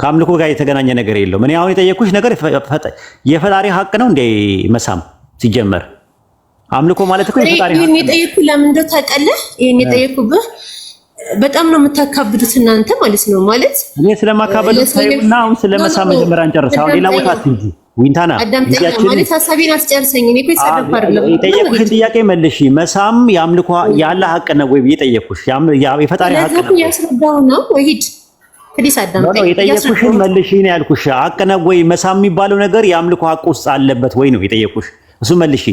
ከአምልኮ ጋር የተገናኘ ነገር የለውም። እኔ አሁን የጠየኩሽ ነገር የፈጣሪ ሀቅ ነው እንደ መሳም ሲጀመር አምልኮ ማለት እኮ የፈጣሪ ሀቅ ነው። የጠየኩ ለምን እንደው ታውቃለህ? ይሄን የጠየኩብህ በጣም ነው የምታካብዱት እናንተ ማለት ነው። ማለት እኔ ስለማካበዱ ሳይሆንና አሁን ስለመሳም መጀመሪያ እንጨርስ። አሁን ሌላ ቦታ አትሂጂ ዊንታና ማለት ሀሳቤን አስጨርሰኝ። እኔ እኮ የጠየኩሽን ጥያቄ መልሽ። መሳም የአምልኮ ያለ ሀቅ ነው ወይ ብዬ ጠየኩሽ። የፈጣሪ ሀቅ ነው ያስረዳው ነው ወይ ፕሊስ አዳምጠኝ። የጠየኩሽን መልሽ ነው ያልኩሽ። ሀቅ ወይ መሳም የሚባለው ነገር የአምልኮ ሀቅ ውስጥ አለበት ወይ ነው የጠየኩሽ። እሱ መልሽ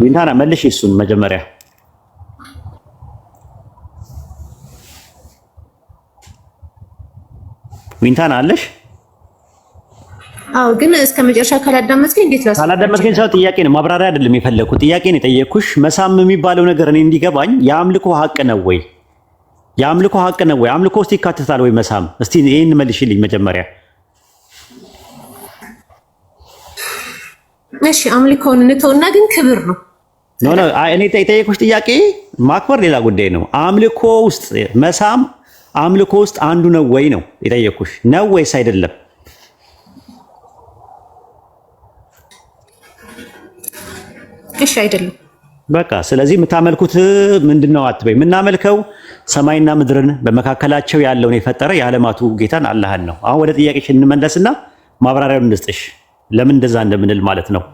ቢንታና መልሽ እሱን መጀመሪያ ቢንታና አለሽ አዎ ግን እስከ መጨረሻ ካላዳመጥከኝ እንዴት ላስ ካላዳመጥከኝ ሰው ጥያቄ ነው ማብራሪያ አይደለም የፈለኩት ጥያቄ ነው የጠየኩሽ መሳም የሚባለው ነገር እኔ እንዲገባኝ የአምልኮ ሀቅ ነው ወይ የአምልኮ ሀቅ ነው ወይ አምልኮ ውስጥ ይካተታል ወይ መሳም እስቲ ይሄን መልሽልኝ መጀመሪያ እሺ አምልኮውን እንተውና ግን ክብር ነው ኖ ኖ እኔ የጠየኩሽ ጥያቄ ማክበር ሌላ ጉዳይ ነው አምልኮ ውስጥ መሳም አምልኮ ውስጥ አንዱ ነው ወይ ነው የጠየኩሽ ነው ወይስ አይደለም እሺ አይደለም በቃ ስለዚህ የምታመልኩት ምንድን ነው አትበይ። የምናመልከው ሰማይና ምድርን በመካከላቸው ያለውን የፈጠረ የዓለማቱ ጌታን አላህን ነው። አሁን ወደ ጥያቄሽ እንመለስና ማብራሪያውን እንስጥሽ ለምን እንደዛ እንደምንል ማለት ነው።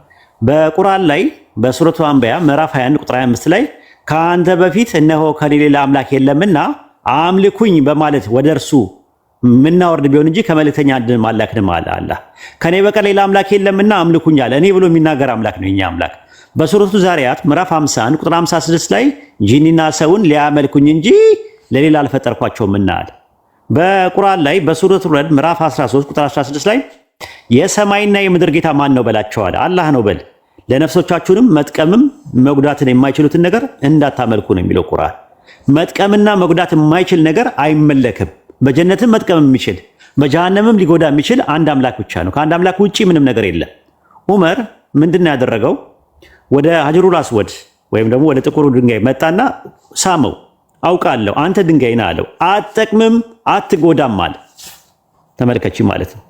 በቁርአን ላይ በሱረቱ አንበያ ምዕራፍ 21 ቁጥር 25 ላይ ከአንተ በፊት እነሆ ከሌላ አምላክ የለምና አምልኩኝ በማለት ወደ እርሱ ምናወርድ ቢሆን እንጂ ከመልእክተኛ አንድን አላክንም አለ አላህ። ከኔ በቀር ሌላ አምላክ የለምና አምልኩኝ አለ። እኔ ብሎ የሚናገር አምላክ ነው የኛ አምላክ በሱረቱ ዛሪያት ምዕራፍ 51 ቁጥር 56 ላይ ጂኒና ሰውን ሊያመልኩኝ እንጂ ለሌላ አልፈጠርኳቸውም እናል። በቁርአን ላይ በሱረቱ ረድ ምዕራፍ 13 ቁጥር 16 ላይ የሰማይና የምድር ጌታ ማን ነው በላቸዋል። አላህ ነው በል ለነፍሶቻችሁንም መጥቀምም መጉዳትን የማይችሉትን ነገር እንዳታመልኩ ነው የሚለው ቁርአን። መጥቀምና መጉዳት የማይችል ነገር አይመለክም። በጀነትም መጥቀም የሚችል በጀሃነምም ሊጎዳ የሚችል አንድ አምላክ ብቻ ነው። ከአንድ አምላክ ውጪ ምንም ነገር የለም። ዑመር ምንድን ነው ያደረገው? ወደ ሀጀሩል አስወድ ወይም ደግሞ ወደ ጥቁሩ ድንጋይ መጣና ሳመው። አውቃለሁ አንተ ድንጋይ ነህ አለው። አትጠቅምም አትጎዳም አለ። ተመልከች ማለት ነው።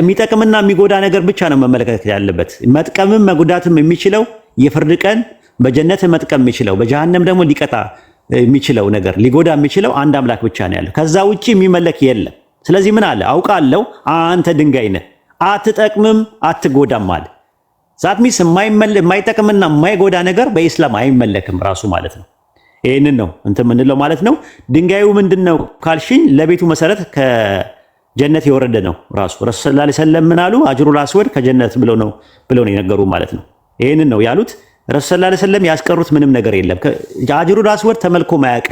የሚጠቅምና የሚጎዳ ነገር ብቻ ነው መመለከት ያለበት። መጥቀምም መጉዳትም የሚችለው የፍርድ ቀን በጀነት መጥቀም የሚችለው በጀሃነም ደግሞ ሊቀጣ የሚችለው ነገር ሊጎዳ የሚችለው አንድ አምላክ ብቻ ነው ያለው። ከዛ ውጪ የሚመለክ የለም። ስለዚህ ምን አለ? አውቃለሁ አንተ ድንጋይ ነህ፣ አትጠቅምም አትጎዳም አለ። ዛትሚስ የማይጠቅምና የማይጎዳ ነገር በኢስላም አይመለክም ራሱ ማለት ነው። ይህንን ነው እንትን ምንለው ማለት ነው። ድንጋዩ ምንድን ነው ካልሽኝ፣ ለቤቱ መሰረት ከጀነት የወረደ ነው ራሱ ረሱ ስ ሰለም ምን አጅሩ አጅሩል አስወድ ከጀነት ብለው ነው ብለው ነው የነገሩ ማለት ነው። ይህንን ነው ያሉት ረሱ ሰለም ያስቀሩት ምንም ነገር የለም። አጅሩል አስወድ ተመልኮ ማያቅ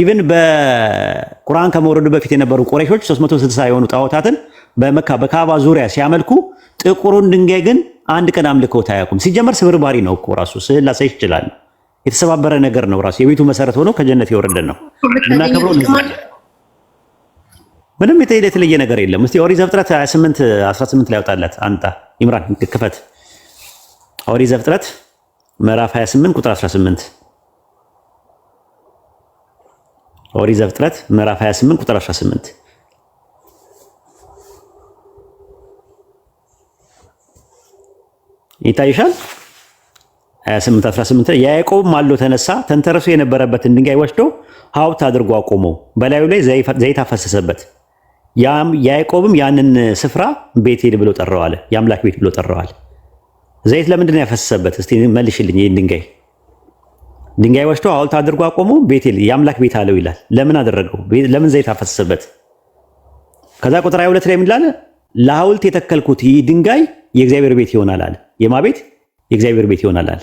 ኢቨን በቁርአን ከመውረዱ በፊት የነበሩ ቁረይሾች 360 የሆኑ ጣዖታትን በመካ በካባ ዙሪያ ሲያመልኩ ጥቁሩን ድንጋይ ግን አንድ ቀን አምልከውት አያውቁም። ሲጀመር ስብርባሪ ነው እኮ ራሱ ስዕል ላሳይ ይችላል። የተሰባበረ ነገር ነው ራሱ የቤቱ መሰረት ሆኖ ከጀነት የወረደ ነው እና ከብሮ ምንም የተለየ ነገር የለም። እስቲ ኦሪት ዘፍጥረት 28 18 ላይ አውጣላት አንጣ ይምራን ክፈት። ኦሪት ዘፍጥረት ምዕራፍ 28 ቁጥር 18 ኦሪት ዘፍጥረት ምዕራፍ 28 ቁጥር 18 ይታይሻል። 28 ላይ ያዕቆብ ማሎ ተነሳ፣ ተንተርሶ የነበረበትን ድንጋይ ወስዶ ሀውት አድርጎ አቆመው፣ በላዩ ላይ ዘይት አፈሰሰበት። ያዕቆብም ያንን ስፍራ ቤቴል ብሎ ጠራዋል፣ የአምላክ ቤት ብሎ ጠራዋል። ዘይት ለምንድን ነው ያፈሰሰበት? እስቲ መልሽልኝ። ይህን ድንጋይ ድንጋይ ወስዶ ሀውልት አድርጎ አቆሞ ቤቴል የአምላክ ቤት አለው ይላል። ለምን አደረገው? ለምን ዘይት አፈሰሰበት? ከዛ ቁጥር 22 ላይ ምን ይላል? ለሀውልት የተከልኩት ይህ ድንጋይ የእግዚአብሔር ቤት ይሆናል አለ። የማ ቤት የእግዚአብሔር ቤት ይሆናል አለ።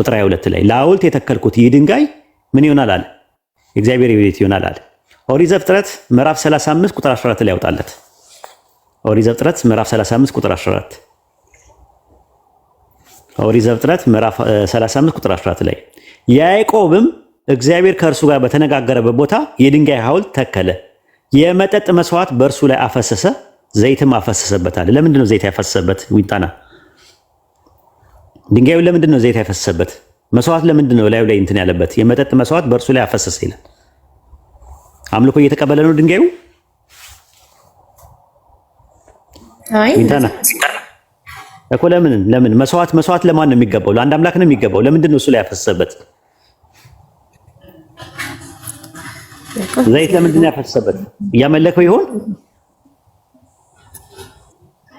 ቁጥር 22 ላይ ለሐውልት የተከልኩት ይህ ድንጋይ ምን ይሆናል አለ? የእግዚአብሔር ቤት ይሆናል አለ። ኦሪት ዘፍጥረት ምዕራፍ 35 ቁጥር 14 ላይ ያውጣለት። ኦሪት ዘፍጥረት ምዕራፍ 35 ቁጥር 14 ኦሪት ዘፍጥረት ምዕራፍ 35 ቁጥር 14 ላይ ያዕቆብም እግዚአብሔር ከእርሱ ጋር በተነጋገረበት ቦታ የድንጋይ ሐውልት ተከለ። የመጠጥ መስዋዕት በእርሱ ላይ አፈሰሰ፣ ዘይትም አፈሰሰበታል። ለምንድን ነው ዘይት ያፈሰሰበት? ዊንጣና ድንጋዩ ለምንድን ነው ዘይት ያፈሰሰበት? መስዋዕት ለምንድን ነው ላዩ ላይ እንትን ያለበት? የመጠጥ መስዋዕት በእርሱ ላይ አፈሰሰ ይላል። አምልኮ እየተቀበለ ነው ድንጋዩ። አይ እኮ ለምን ለምን መስዋዕት መስዋዕት ለማን ነው የሚገባው? ለአንድ አምላክ ነው የሚገባው። ለምንድን ነው እሱ ላይ ያፈሰሰበት? ዘይት ለምንድን ነው ያፈሰሰበት? እያመለከው ይሆን?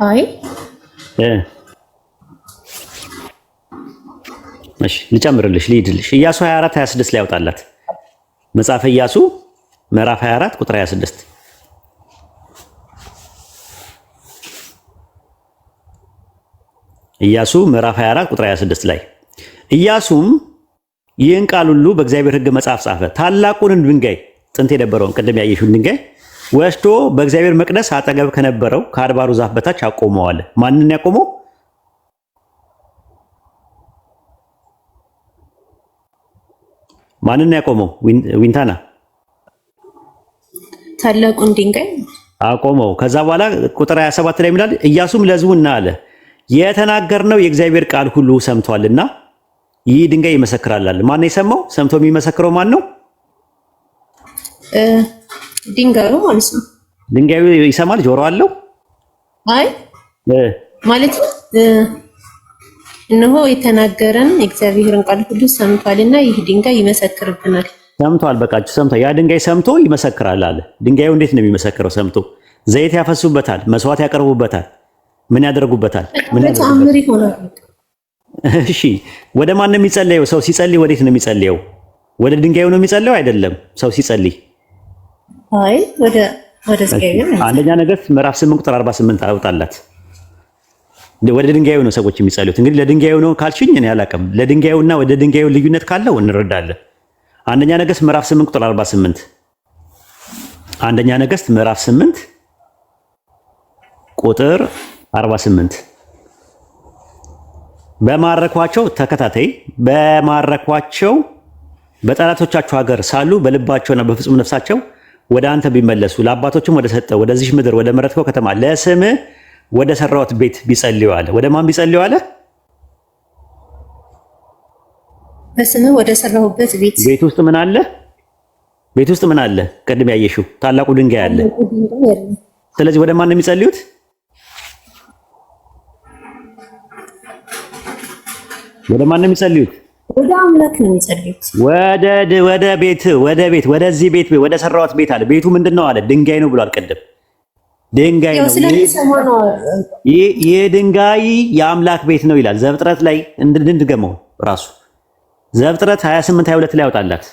አይ እሺ ልጨምርልሽ፣ ልሂድልሽ። ኢያሱ 24 26 ላይ ያውጣላት መጽሐፈ ኢያሱ ምዕራፍ 24 ቁጥር 26 ኢያሱ ምዕራፍ 24 ቁጥር 26 ላይ ኢያሱም ይህን ቃል ሁሉ በእግዚአብሔር ሕግ መጽሐፍ ጻፈ። ታላቁን ድንጋይ ጥንት የነበረውን ቅድም ያየሽውን ድንጋይ ወስዶ በእግዚአብሔር መቅደስ አጠገብ ከነበረው ከአድባሩ ዛፍ በታች አቆመዋል። ማንን ያቆመው? ማንን ያቆመው? ዊንታና ታላቁን ድንጋይ አቆመው። ከዛ በኋላ ቁጥር 27 ላይ ይላል እያሱም ለሕዝቡ እና አለ የተናገርነው የእግዚአብሔር ቃል ሁሉ ሰምቷልና ይህ ድንጋይ ይመሰክራል አለ። ማን የሰማው ሰምቶ የሚመሰክረው ማን ነው? ድንጋዩ ማለት ነው። ድንጋዩ ይሰማል። ጆሮ አለው? አይ ማለት እነሆ የተናገረን የእግዚአብሔርን ቃል ሁሉ ሰምቷልና ይህ ድንጋይ ይመሰክርብናል። ሰምቷል። በቃችሁ ሰምቷል። ያ ድንጋይ ሰምቶ ይመሰክራል አለ። ድንጋዩ እንዴት ነው የሚመሰክረው? ሰምቶ ዘይት ያፈሱበታል፣ መስዋዕት ያቀርቡበታል፣ ምን ያደርጉበታል? ምን ይሆናል። እሺ፣ ወደ ማን ነው የሚጸለየው? ሰው ሲጸልይ ወዴት ነው የሚጸልየው? ወደ ድንጋዩ ነው የሚጸልየው? አይደለም። ሰው ሲጸልይ አይ ወደ ወደ አንደኛ ነገሥት ምዕራፍ 8 ቁጥር 48 አውጣላት። ወደ ድንጋዩ ነው ሰዎች የሚጸልዩት። እንግዲህ ለድንጋዩ ነው ካልሽኝ እኔ አላውቅም። ለድንጋዩና ወደ ድንጋዩ ልዩነት ካለው እንረዳለን። አንደኛ ነገስት ምዕራፍ 8 ቁጥር 48 አንደኛ ነገስት ምዕራፍ 8 ቁጥር 48 በማረኳቸው ተከታታይ በማረኳቸው በጠላቶቻቸው ሀገር ሳሉ በልባቸውና በፍጹም ነፍሳቸው ወደ አንተ ቢመለሱ ለአባቶችም ወደ ሰጠው ወደዚህ ምድር ወደ መረጥከው ከተማ ለስምህ ወደ ሰራሁት ቤት ቢጸልዩ አለ። ወደ ማን ቢጸልዩ አለ? በስም ወደ ሰራሁበት ቤት። ቤት ውስጥ ምን አለ? ቤት ውስጥ ምን አለ? ቅድም ያየሽው ታላቁ ድንጋይ አለ። ስለዚህ ወደ ማን ነው የሚጸልዩት? ወደ ማን ነው የሚጸልዩት? ወደ አምላክ ነው የሚጸልዩት። ወደ ወደ ቤት ወደ ቤት ወደዚህ ቤት ወደ ሰራሁት ቤት አለ። ቤቱ ምንድን ነው አለ? ድንጋይ ነው ብሏል ቅድም ድንጋይ ነው። ይህ ድንጋይ የአምላክ ቤት ነው ይላል ዘፍጥረት ላይ እንድንድገመው ራሱ ዘፍጥረት 28 22 ላይ ያወጣላት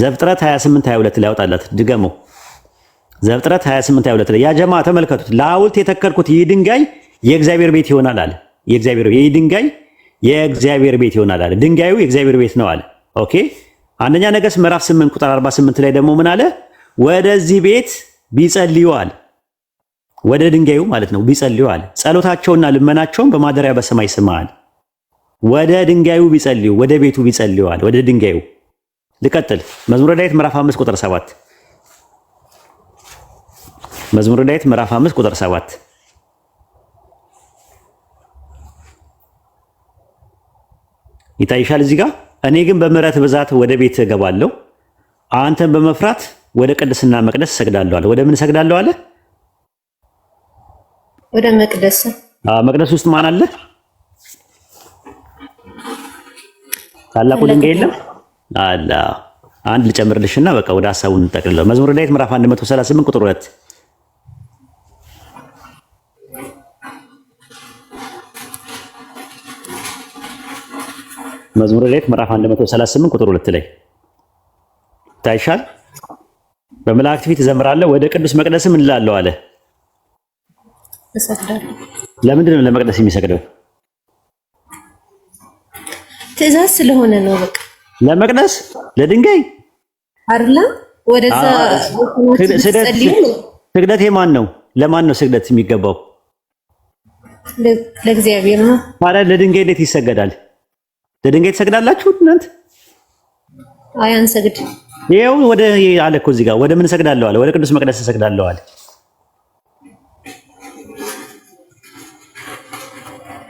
ዘፍጥረት 28 22 ላይ ያወጣላት ድገመው። ዘፍጥረት 28 22 ላይ ያ ጀማ ተመልከቱት። ለሐውልት የተከልኩት ይህ ድንጋይ የእግዚአብሔር ቤት ይሆናል አለ። የእግዚአብሔር ይህ ድንጋይ የእግዚአብሔር ቤት ይሆናል አለ። ድንጋዩ የእግዚአብሔር ቤት ነው አለ። ኦኬ አንደኛ ነገሥት ምዕራፍ 8 ቁጥር 48 ላይ ደግሞ ምን አለ? ወደዚህ ቤት ቢጸልዩ አለ ወደ ድንጋዩ ማለት ነው። ቢጸልዩ አለ ጸሎታቸውና ልመናቸውን በማደሪያ በሰማይ ስማ አለ። ወደ ድንጋዩ ቢጸልዩ ወደ ቤቱ ቢጸልዩ አለ ወደ ድንጋዩ። ልቀጥል። መዝሙረ ዳዊት ምዕራፍ 5 ቁጥር 7 መዝሙረ ዳዊት ምዕራፍ 5 ቁጥር 7 ይታይሻል እዚህ ጋር እኔ ግን በምሕረት ብዛት ወደ ቤት እገባለሁ አንተን በመፍራት ወደ ቅድስና መቅደስ እሰግዳለሁ አለ። ወደ ምን እሰግዳለሁ አለ? ወደ መቅደስ። መቅደስ ውስጥ ማን አለ? ታላቁ ድንጋይ የለም አላ አንድ ልጨምርልሽና በቃ ወደ ሀሳቡን እንጠቅልለው። መዝሙር ዳዊት ምዕራፍ 138 ቁጥር 2 መዝሙር ዳዊት ምዕራፍ 138 ቁጥር 2 ላይ ታይሻል። በመላእክት ፊት እዘምራለሁ፣ ወደ ቅዱስ መቅደስም እንላለሁ አለ። ለምንድን ነው ለመቅደስ የሚሰግደው? ትእዛዝ ስለሆነ ነው። በቃ ለመቅደስ ለድንጋይ አይደለ? ወደዛ ስግደት የማን ነው? ለማን ነው ስግደት የሚገባው? ለእግዚአብሔር ነው። ታዲያ ለድንጋይ እንዴት ይሰገዳል? ለድንጋይ ትሰግዳላችሁ እናንተ? አይ አንሰግድ ይኸው ወደ አለ እኮ እዚህ ጋር ወደ ምን እሰግዳለሁ አለ። ወደ ቅዱስ መቅደስ እሰግዳለሁ አለ።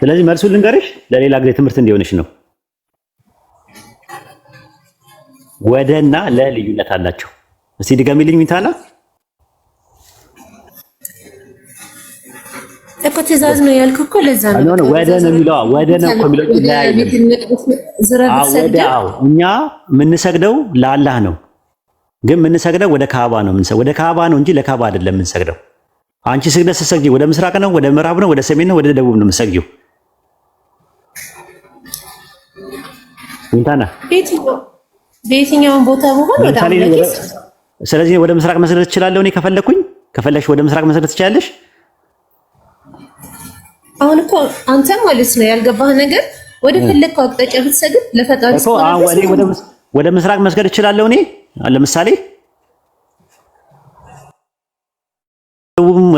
ስለዚህ መልሱ ልንገርሽ፣ ለሌላ ጊዜ ትምህርት እንዲሆንሽ ነው። ወደና ለልዩነት አላቸው። እስቲ ድገሚልኝ ሚታላ እኮ ትእዛዝ ነው ያልኩህ እኮ ለዛ ነው ወደ ነው የሚለው ወደ ነው እኮ የሚለው እኛ የምንሰግደው ለአላህ ነው። ግን የምንሰግደው ወደ ካባ ነው። ወደ ካባ ነው እንጂ ለካባ አይደለም የምንሰግደው። አንቺ ስግደት ስትሰግጂ ወደ ምስራቅ ነው፣ ወደ ምዕራብ ነው፣ ወደ ሰሜን ነው፣ ወደ ደቡብ ነው የምትሰግጂው። እንታና በየትኛውም ቦታ በሆነ ወደ አምላኬ። ስለዚህ ወደ ምስራቅ መስገድ ትችላለሁ እኔ ከፈለኩኝ። ከፈለሽ ወደ ምስራቅ መስገድ ትችላለሽ። አሁን እኮ አንተ ማለት ነው ያልገባህ ነገር፣ ወደ ፈለግከው አቅጣጫ ብትሰግድ ለፈጣሪ ወደ ምስራቅ መስገድ እችላለሁ እኔ ለምሳሌ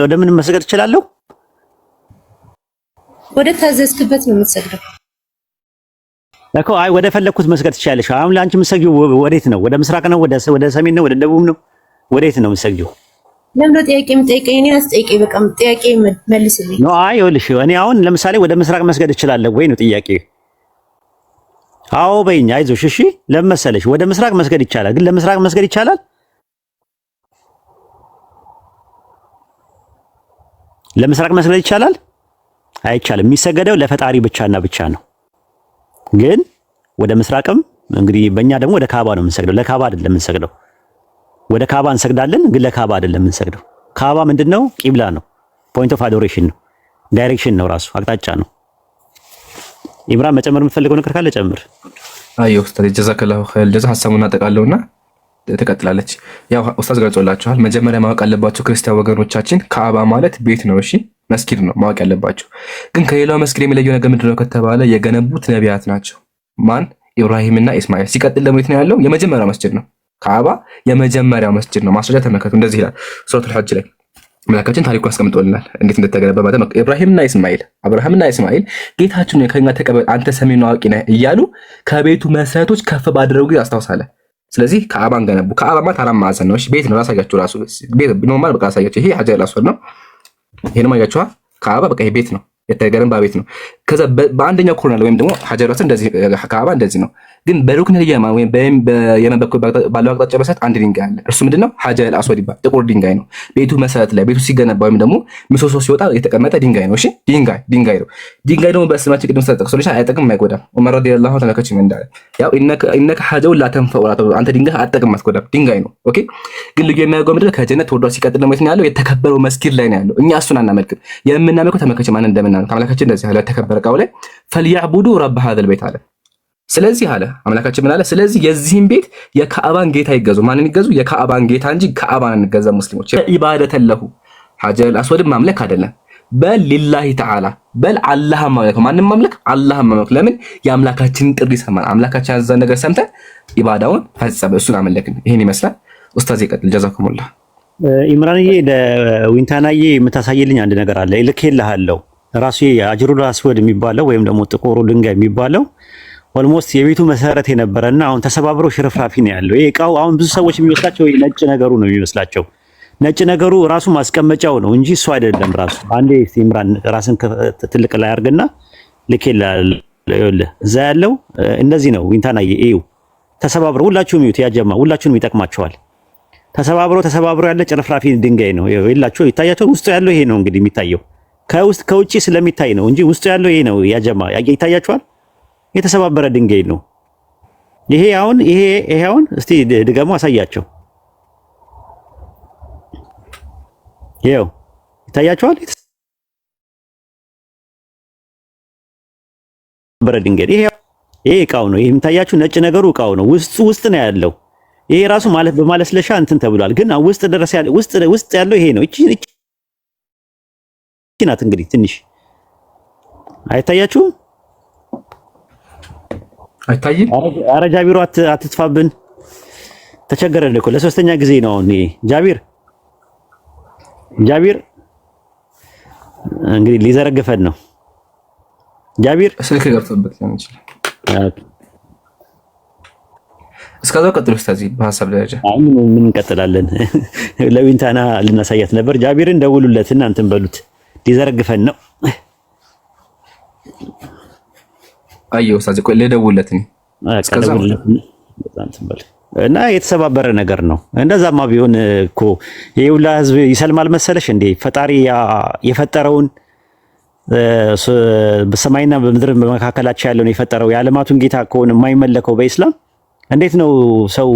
ወደ ምን መስገድ እችላለሁ? ወደ ታዘዝክበት ነው የምትሰግደው እኮ። አይ ወደ ፈለግኩት መስገድ ትችላለሽ። አሁን ለአንቺ የምትሰጊው ወዴት ነው? ወደ ምስራቅ ነው? ወደ ሰሜን ነው? ወደ ደቡብ ነው? ወዴት ነው የምትሰጊው? ለምን ጥያቄ የምጠይቀኝ? እኔ አስጠይቀኝ። በቃ ጥያቄ መልስልኝ ነው። አይ ይኸውልሽ፣ እኔ አሁን ለምሳሌ ወደ ምስራቅ መስገድ እችላለሁ ወይ ነው ጥያቄ አዎ በይኝ፣ አይዞሽ። እሺ ለመሰለሽ ወደ ምስራቅ መስገድ ይቻላል፣ ግን ለምስራቅ መስገድ ይቻላል ለምስራቅ መስገድ ይቻላል አይቻልም። የሚሰገደው ለፈጣሪ ብቻና ብቻ ነው። ግን ወደ ምስራቅም እንግዲህ በእኛ ደግሞ ወደ ካባ ነው የምንሰግደው። ለካባ አይደለም የምንሰግደው። ወደ ካባ እንሰግዳለን፣ ግን ለካባ አይደለም የምንሰግደው። ካባ ምንድነው? ቂብላ ነው። ፖይንት ኦፍ አዶሬሽን ነው። ዳይሬክሽን ነው፣ ራሱ አቅጣጫ ነው። ኢምራን መጨመር የምትፈልገው ነገር ካለ ጨምር። አዮ ኡስታዝ ጀዛከላሁ ኸይር ጀዛ ሐሳቡን አጠቃለውና ትቀጥላለች። ያው ኡስታዝ ገልጾላችኋል። መጀመሪያ ማወቅ ያለባቸው ክርስቲያን ወገኖቻችን ከአባ ማለት ቤት ነው፣ እሺ መስጊድ ነው ማወቅ ያለባቸው። ግን ከሌላው መስጊድ የሚለየው ነገር ምንድነው ከተባለ የገነቡት ነቢያት ናቸው። ማን? ኢብራሂምና ኢስማኤል። ሲቀጥል ደግሞ የት ነው ያለው? የመጀመሪያው መስጊድ ነው። ከአባ የመጀመሪያው መስጊድ ነው። ማስረጃ ተመከቱ። እንደዚህ ይላል ሱረቱል ሐጅ ላይ አምላካችን ታሪኩ አስቀምጦልናል እንዴት እንደተገለበ ማለት ነው። ኢብራሂምና እስማኤል አብርሃምና እስማኤል ጌታችን ከኛ ተቀበል አንተ ሰሚን አዋቂ ነህ እያሉ ከቤቱ መሰረቶች ከፍ ባደረጉ ጊዜ አስታውሳለህ። ስለዚህ ከአባን ገነቡ። ከአባ ማለት አራት ማዕዘን ነው። ቤት ነው። ራሳያቸው ራሱ ቤት ኖርማል በቃ ራሳያቸው ይሄ ሀጀር ራሱ ነው። ይሄ ነው ማያቸዋ ከአባ በቃ ይሄ ቤት ነው የተገነባ ቤት ነው። ከዛ በአንደኛው ኮሎናል ወይም ደግሞ ሀጀራትን እንደዚህ ከአባ እንደዚህ ነው። ግን በሩክን ልየማ ወይም በየመን በኩል ባለው አቅጣጫ መሰረት አንድ ድንጋይ አለ። እርሱ ምንድነው? ሀጀል አስወድ ይባል ጥቁር ድንጋይ ነው። ቤቱ መሰረት ላይ ቤቱ ሲገነባ ወይም ደግሞ ምሰሶ ሲወጣ የተቀመጠ ድንጋይ ነው። እሺ ድንጋይ ድንጋይ ነው። ድንጋይ ደግሞ በእስልማችን ቅድም ስለተጠቅሶልሽ አይጠቅም አይጎዳም። ዑመር ረዲየላሁ ዐንሁ ተመከች ምን እንዳለ ያው እነከ ሀጀው ላተንፈው ላተ አንተ ድንጋይ አጠቅም አትጎዳም ድንጋይ ነው። ኦኬ ግን ልዩ የሚያደርገው ምድር ከጀነት ወርዷ ሲቀጥል ነው ያለው የተከበረው መስጊድ ላይ ነው ያለው። እኛ እሱን አናመልክም። የምናመልከው ተመከች ማን እንደምናመልክ ተመለከች እንደዚህ ያለ ተከበረ ምረቃው ላይ ፈልያዕቡዱ ረብ ሀዘል ቤት አለ። ስለዚህ አለ አምላካችን ምን አለ? ስለዚህ የዚህን ቤት የካዕባን ጌታ ይገዙ። ማንን ይገዙ? የካዕባን ጌታ እንጂ ካዕባን እንገዛ ሙስሊሞች። ኢባደተ ለሁ ሀጀል አስወድን ማምለክ አይደለም በል ሊላሂ ተዓላ በል አላህ ማምለክ ማንም ማምለክ አላህ ማምለክ። ለምን የአምላካችንን ጥሪ ሰማን። አምላካችን ያዘዘን ነገር ሰምተን ኢባዳውን ፈጸመ፣ እሱን አመለክን። ይሄን ይመስላል። ኡስታዝ ይቀጥል። ጀዛኩሙላህ ኢምራንዬ፣ ለዊንታናዬ የምታሳየልኝ አንድ ነገር አለ። ልኬልሃለሁ ራሱ አጅሩል አስወድ የሚባለው ወይም ደግሞ ጥቁሩ ድንጋይ የሚባለው ኦልሞስት የቤቱ መሰረት የነበረና አሁን ተሰባብሮ ሽርፍራፊ ነው ያለው። ይሄ እቃው አሁን ብዙ ሰዎች የሚመስላቸው ነጭ ነገሩ ነው የሚመስላቸው። ነጭ ነገሩ ራሱ ማስቀመጫው ነው እንጂ እሱ አይደለም። ራሱ አንዴ ኢምራን ራስን ትልቅ ላይ አድርግና ልኬልሀል። እዛ ያለው እንደዚህ ነው። ይንታናዬ እዩ፣ ተሰባብሮ ሁላችሁም ይዩት። ያጀማ ሁላችሁም ይጠቅማቸዋል። ተሰባብሮ ተሰባብሮ ያለ ጭርፍራፊ ድንጋይ ነው። ይላችሁ ይታያቸው። ውስጡ ያለው ይሄ ነው እንግዲህ የሚታየው ከውስጥ ከውጪ ስለሚታይ ነው እንጂ ውስጡ ያለው ይሄ ነው። ያጀማ ይታያችኋል። የተሰባበረ ድንጋይ ነው ይሄ። አሁን ይሄ ይሄ አሁን እስቲ ድገሙ አሳያቸው። ይሄው ይታያችኋል። የተሰባበረ ድንጋይ ይሄ ይሄ እቃው ነው። ይሄ የሚታያችሁ ነጭ ነገሩ እቃው ነው። ውስጡ ውስጥ ነው ያለው። ይሄ ራሱ ማለት በማለስለሻ እንትን ተብሏል። ግን ውስጥ ድረስ ያለው ውስጥ ውስጥ ያለው ይሄ ነው። እቺ እቺ ይቺ ናት እንግዲህ ትንሽ አይታያችሁም? አይታይም። አረ ጃቢሮ አትጥፋብን። ተቸገረን እኮ ለሶስተኛ ጊዜ ነው። እኔ ጃቢር ጃቢር እንግዲህ ሊዘረግፈን ነው። ጃቢር ስልክ ገብቶበት ሊሆን ይችላል። እስከዛው ቀጥሎ ስታዚ በሀሳብ ደረጃ ምን እንቀጥላለን። ለዊንታና ልናሳያት ነበር። ጃቢርን ደውሉለት እናንተን በሉት። ሊዘረግፈን ነው። አየሁ ሳዚ ቆይ እና የተሰባበረ ነገር ነው። እንደዛማ ቢሆን እኮ ይሄ ሁላ ህዝብ ይሰልማል መሰለሽ እንዴ? ፈጣሪ የፈጠረውን በሰማይና በምድር በመካከላቸው ያለውን የፈጠረው የዓለማቱን ጌታ ከሆነ የማይመለከው በኢስላም እንዴት ነው ሰው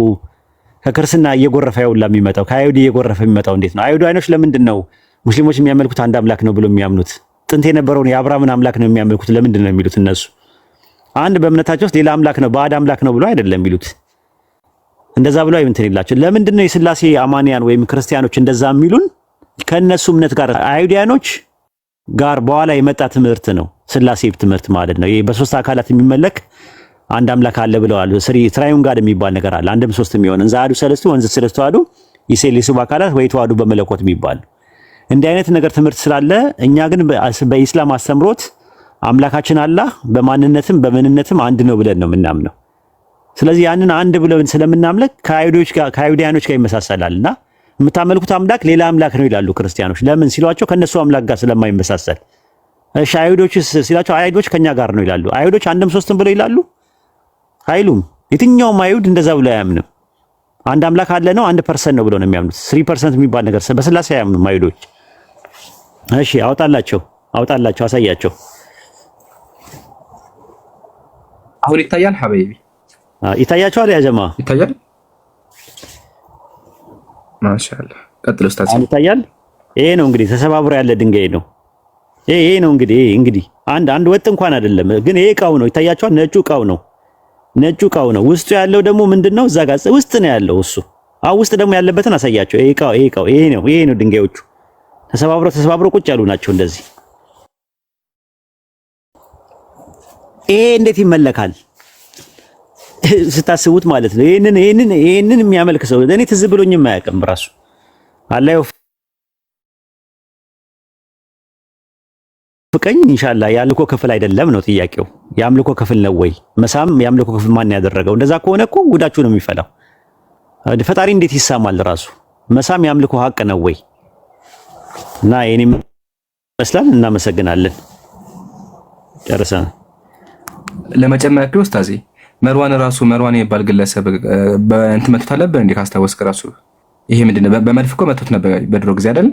ከክርስትና እየጎረፈ ያውላ የሚመጣው? ከአይሁድ እየጎረፈ የሚመጣው እንዴት ነው? አይሁድ አይኖች ለምንድን ነው ሙስሊሞች የሚያመልኩት አንድ አምላክ ነው ብሎ የሚያምኑት ጥንት የነበረውን የአብርሃምን አምላክ ነው የሚያመልኩት ለምንድን ነው የሚሉት እነሱ? አንድ በእምነታቸው ውስጥ ሌላ አምላክ ነው ባዕድ አምላክ ነው ብሎ አይደለም የሚሉት። እንደዛ ብሎ እንትን ይላቸው። ለምንድን ነው የስላሴ አማንያን ወይም ክርስቲያኖች እንደዛ የሚሉን? ከእነሱ እምነት ጋር አይሁዲያኖች ጋር በኋላ የመጣ ትምህርት ነው ስላሴ ትምህርት ማለት ነው። ይሄ በሶስት አካላት የሚመለክ አንድ አምላክ አለ ብለዋል። ስሪ ትራዩን ጋር የሚባል ነገር አለ። አንድም ሶስት የሚሆን እንዛ አዱ ሰለስቱ ወንዝ ሰለስቱ አዱ ይሴ ሊሱ አካላት ወይ ተዋሕዱ በመለኮት የሚባል እንዲህ አይነት ነገር ትምህርት ስላለ እኛ ግን በኢስላም አስተምሮት አምላካችን አላህ በማንነትም በምንነትም አንድ ነው ብለን ነው የምናምነው። ስለዚህ ያንን አንድ ብለን ስለምናምለክ ከአይሁዶች ጋር ከአይሁዳኖች ጋር ይመሳሰላልና የምታመልኩት አምላክ ሌላ አምላክ ነው ይላሉ ክርስቲያኖች። ለምን ሲሏቸው ከነሱ አምላክ ጋር ስለማይመሳሰል። እሺ አይሁዶች ሲሏቸው አይሁዶች ከኛ ጋር ነው ይላሉ። አይሁዶች አንድም ሶስትም ብለው ይላሉ አይሉም። የትኛውም አይሁድ እንደዛ ብሎ አያምንም። አንድ አምላክ አለ ነው አንድ ፐርሰንት ነው ብሎ ነው የሚያምኑት። ስሪ ፐርሰንት የሚባል ነገር በስላሴ አያምኑም አይሁዶች። እሺ አውጣላቸው፣ አውጣላቸው፣ አሳያቸው። አሁን ይታያል። ሀበይቢ ይታያቸዋል። ያ ጀማ ይታያል። ማሻአላ ቀጥሎ ኡስታዝ ይታያል። ይሄ ነው እንግዲህ ተሰባብሮ ያለ ድንጋይ ነው። ይሄ ነው እንግዲህ ይሄ እንግዲህ አንድ አንድ ወጥ እንኳን አይደለም፣ ግን ይሄ እቃው ነው። ይታያቸዋል። ነጩ እቃው ነው። ነጩ እቃው ነው። ውስጡ ያለው ደግሞ ምንድነው? እዛ ጋር ውስጥ ነው ያለው እሱ። አዎ ውስጥ ደግሞ ያለበትን አሳያቸው። ይሄ እቃው ይሄ እቃው ይሄ ነው ይሄ ነው ድንጋዮቹ ተሰባብሮ ተሰባብሮ ቁጭ ያሉ ናቸው። እንደዚህ ይሄ እንዴት ይመለካል ስታስቡት ማለት ነው። ይሄንን ይሄንን ይሄንን የሚያመልክ ሰው እኔ ትዝ ብሎኝም ራሱ አላህ ፍቀኝ ኢንሻአላ። የአምልኮ ክፍል አይደለም ነው ጥያቄው። የአምልኮ ክፍል ነው ወይ መሳም? የአምልኮ ክፍል ማን ያደረገው? እንደዛ ከሆነ እኮ ጉዳችሁ ነው የሚፈላው። ፈጣሪ እንዴት ይሳማል? ራሱ መሳም የአምልኮ ሀቅ ነው ወይ? እና ይሄን ይመስላል። እናመሰግናለን። ጨርሰናል። ለመጨመር ያክል ኡስታዚ መርዋን ራሱ መርዋን የሚባል ግለሰብ በእንት መቶት አለብን እንዴ? ካስታወስክ ራሱ ይሄ ምንድነው? በመድፍ እኮ መቶት ነበር በድሮ ጊዜ አይደል?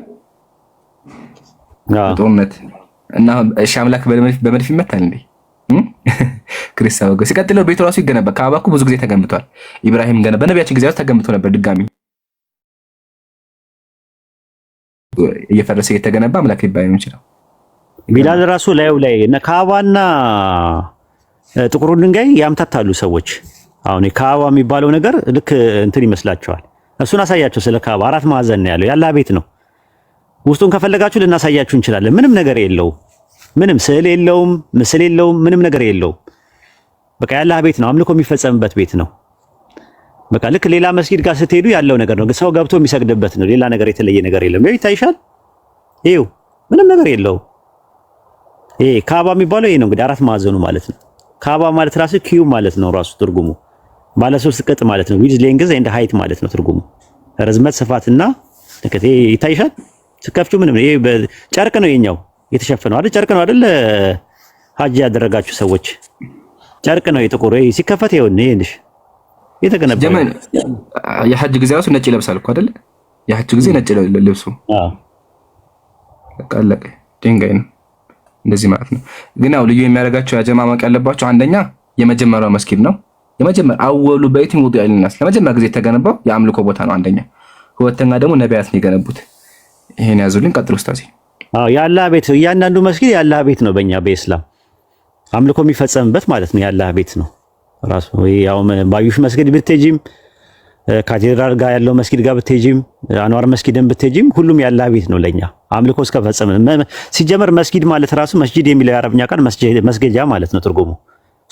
ጦርነት እና እሺ፣ አምላክ በመድፍ ይመታል እንዴ? ክርስቲያን ወገ ሲቀጥለው ቤቱ ራሱ ይገነባል። ከአባኩ ብዙ ጊዜ ተገንብቷል። ኢብራሂም ገና በነቢያችን ጊዜ ተገንብቶ ነበር ድጋሚ እየፈረሰ እየተገነባ አምላክ ሊባል የሚችለው ቢላል ራሱ ላዩ ላይ ከአባና ጥቁሩ ድንጋይ ያምታታሉ ሰዎች። አሁን የካባ የሚባለው ነገር ልክ እንትን ይመስላቸዋል። እሱን አሳያቸው። ስለ ካባ አራት ማዕዘን ያለው፣ ያላ ቤት ነው። ውስጡን ከፈለጋችሁ ልናሳያችሁ እንችላለን። ምንም ነገር የለውም። ምንም ስዕል የለውም፣ ምስል የለውም፣ ምንም ነገር የለውም። በቃ ያላህ ቤት ነው፣ አምልኮ የሚፈጸምበት ቤት ነው። በቃ ልክ ሌላ መስጊድ ጋር ስትሄዱ ያለው ነገር ነው። ሰው ገብቶ የሚሰግድበት ነው። ሌላ ነገር የተለየ ነገር የለም። ይኸው ይታይሻል። ይኸው ምንም ነገር የለው። ይሄ ካባ የሚባለው ይሄ ነው እንግዲህ አራት ማዕዘኑ ማለት ነው። ካባ ማለት ራሱ ኪዩ ማለት ነው ራሱ ትርጉሙ ባለ ሶስት ቅጥ ማለት ነው። ዊዝ ሌንግዝ ኤንድ ሃይት ማለት ነው ትርጉሙ ርዝመት፣ ስፋትና ይሄ ይታይሻል። ስከፍቹ ምንም ይሄ ጨርቅ ነው የኛው የተሸፈነው አይደል? ጨርቅ ነው አይደል? ሀጅ ያደረጋችሁ ሰዎች ጨርቅ ነው የጥቁር ሲከፈት ይሁን ይሄ የተገነባ የሐጅ ጊዜ ራሱ ነጭ ይለብሳል እኮ አይደለ? የሐጅ ጊዜ ነጭ ልብሱ አለቀ። ድንጋይ ነው እንደዚህ ማለት ነው። ግን ያው ልዩ የሚያደርጋቸው ያጀማመቅ ያለባቸው አንደኛ የመጀመሪያው መስጊድ ነው። የመጀመሪያ አወሉ በይቲን ውዲዐ ሊናስ ለመጀመሪያ ጊዜ የተገነባው የአምልኮ ቦታ ነው አንደኛ። ሁለተኛ ደግሞ ነቢያት ነው የገነቡት። ይሄን ያዙልኝ። ቀጥሎ ኡስታዝ። አዎ የአላህ ቤት እያንዳንዱ መስጊድ የአላህ ቤት ነው በእኛ በኢስላም አምልኮ የሚፈጸምበት ማለት ነው። የአላህ ቤት ነው። ራሱ ያው ባዩሽ መስጊድ ብትሄጂም ካቴድራል ጋር ያለው መስጊድ ጋር ብትሄጂም አንዋር መስጊድን ብትሄጂም ሁሉም ያላህ ቤት ነው ለኛ አምልኮ እስከፈጸምን። ሲጀመር መስጊድ ማለት ራሱ መስጂድ የሚለው የአረብኛ ቃል መስገጃ ማለት ነው ትርጉሙ።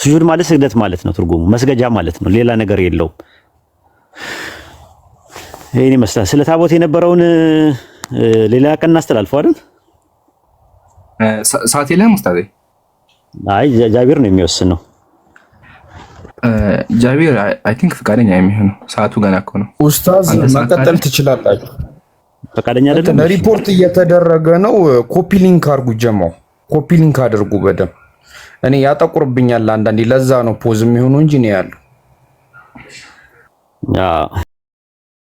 ስጁድ ማለት ስግደት ማለት ነው ትርጉሙ። መስገጃ ማለት ነው፣ ሌላ ነገር የለውም። ይሄን ይመስላል። ስለ ታቦት የነበረውን ሌላ ቀን እናስተላልፈው አይደል? ሰዓት የለህም ኡስታዝ? አይ ጃቢር ነው የሚወስነው። ጃቢር አይ ቲንክ ፈቃደኛ የሚሆነው ሰዓቱ ገና እኮ ነው። ኡስታዝ መቀጠል ትችላላችሁ። ፈቃደኛ አይደለም። ሪፖርት እየተደረገ ነው። ኮፒ ሊንክ አድርጉ። ጀማው ኮፒ ሊንክ አድርጉ በደምብ። እኔ ያጠቁርብኛል አንዳንዴ፣ ለዛ ነው ፖዝ የሚሆኑ እንጂ ነው ያለው።